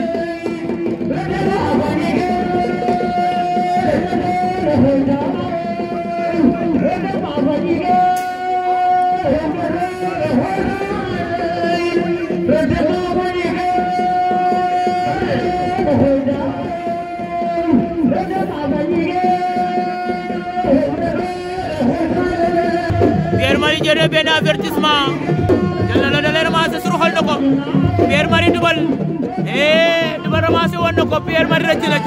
አሜን። Germani jere bena vertisma. Jalan-jalan masa suruh hal nopo. Marie Doubal eh Doubal ramassé woon ko Pierre Marie rëcc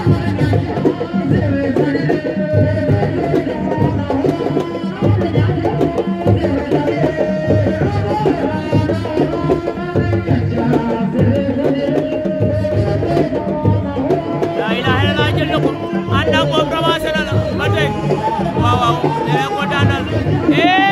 پھر نالازر زندے زندے نالازر زندے